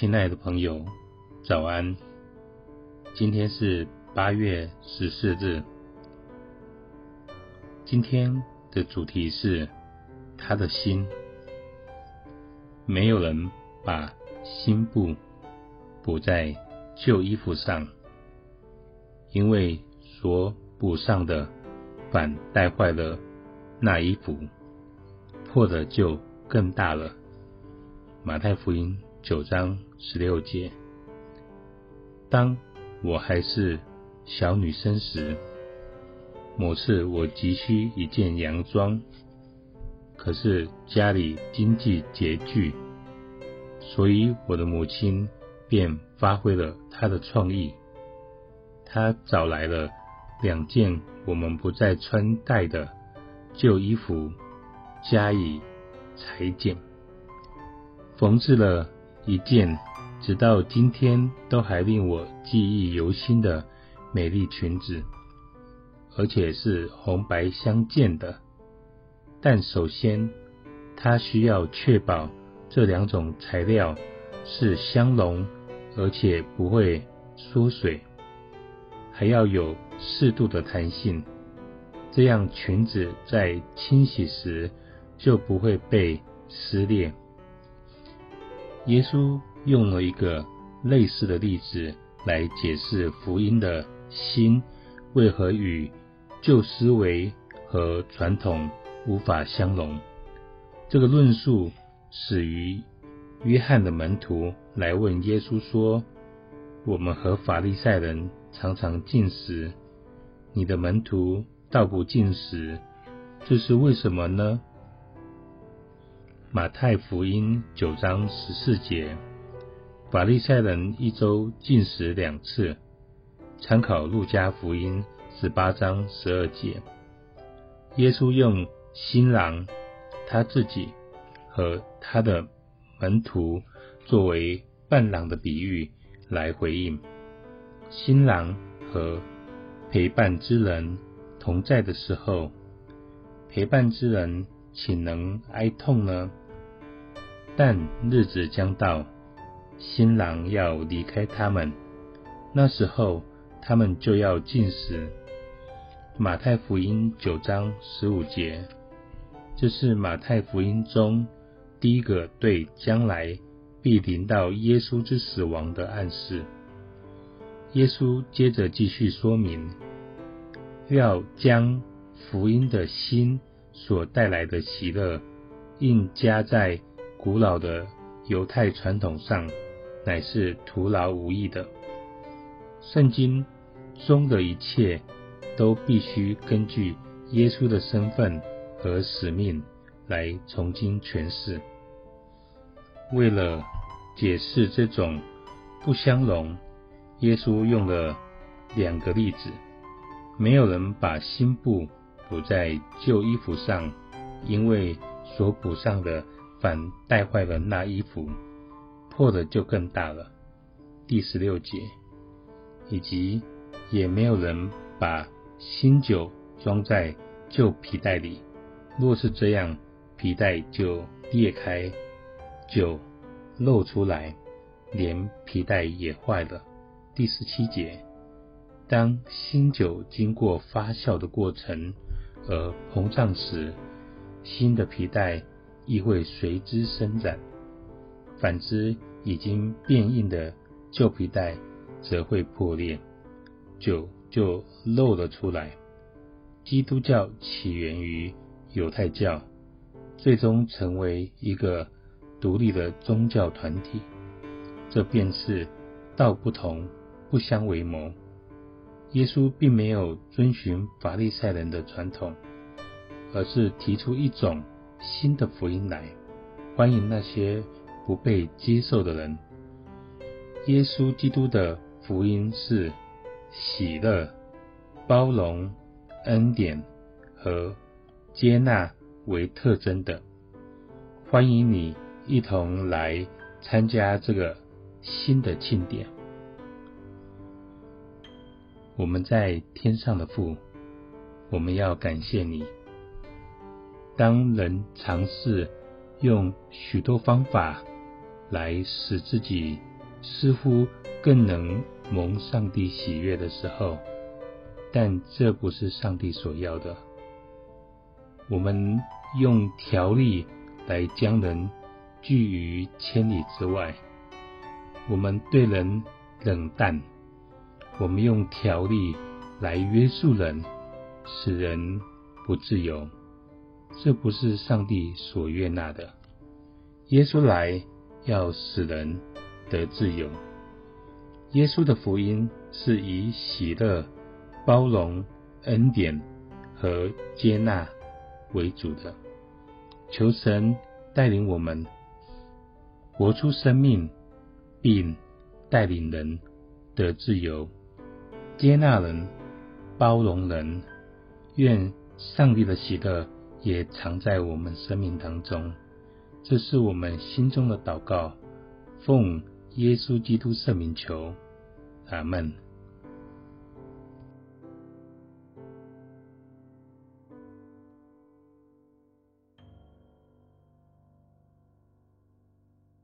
親愛的朋友，早安！今天是八月十四日。今天的主題是祂的新。沒有人把新布補在舊衣服上，因為所補上的反帶壞了那衣服，破的就更大了。馬太福音。九章十六節。當我還是小女生時，某次我急需一件洋裝，可是家裡經濟拮據，所以我的母親便發揮了她的創意，她找來了兩件我們不再穿戴的舊衣服，加以裁剪，縫製了一件直到今天都還令我記憶猶新的美麗裙子，而且是紅白相間的。但首先，它需要確保這兩種材料是相容，而且不會縮水，還要有適度的彈性，這樣裙子在清洗時就不會被撕裂。耶穌用了一個類似的例子來解釋福音的新為何與舊思維和傳統無法相容。這個論述始於約翰的門徒來問耶穌說：“我們和法利賽人常常禁食，你的門徒倒不禁食，這是為什麼呢？”馬太福音九章十四節，法利賽人一週禁食兩次。參考路加福音十八章十二節，耶穌用新郎他自己和他的門徒作為伴郎的比喻來回應：新郎和陪伴之人同在的時候，陪伴之人豈能哀痛呢？但日子將到，新郎要離開他們，那時候他們就要禁食。馬太福音九章十五節，這是馬太福音中第一個對將來必臨到耶穌之死亡的暗示。耶穌接着繼續說明，要將福音的新所帶來的喜樂應加在。古老的猶太傳統上乃是徒勞無益的。聖經中的一切都必須根據耶穌的身份和使命來重新詮釋。為了解釋這種不相容，耶穌用了兩個例子：沒有人把新布補在舊衣服上，因為所補上的。反帶壞了那衣服，破的就更大了。第十六節，以及也沒有人把新酒裝在舊皮袋裡，若是這樣，皮袋就裂開，酒漏出來，連皮袋也壞了。第十七節，當新酒經過發酵的過程而膨脹時，新的皮袋。亦會隨之伸展；反之，已經變硬的舊皮帶則會破裂，酒就漏了出來。基督教起源於猶太教，最終成為一個獨立的宗教團體。這便是道不同，不相為謀。耶穌並沒有遵循法利賽人的傳統，而是提出一種。新的福音來，歡迎那些不被接受的人。耶穌基督的福音是喜樂、包容、恩典和接納為特徵的。歡迎你一同來參加這個新的慶典。我們在天上的父，我們要感謝你。當人嘗試用許多方法來使自己似乎更能蒙上帝喜悅的時候，但這不是上帝所要的。我們用條例來將人拒於千里之外，我們對人冷淡，我們用條例來約束人，使人不自由。這不是上帝所悅納的。耶穌來要使人得自由。耶穌的福音是以喜樂、包容、恩典和接納為主的。求神帶領我們活出生命，並帶領人得自由。接納人、包容人。願上帝的喜樂。也藏在我們生命當中，這是我們心中的禱告，奉耶穌基督聖名求，阿門。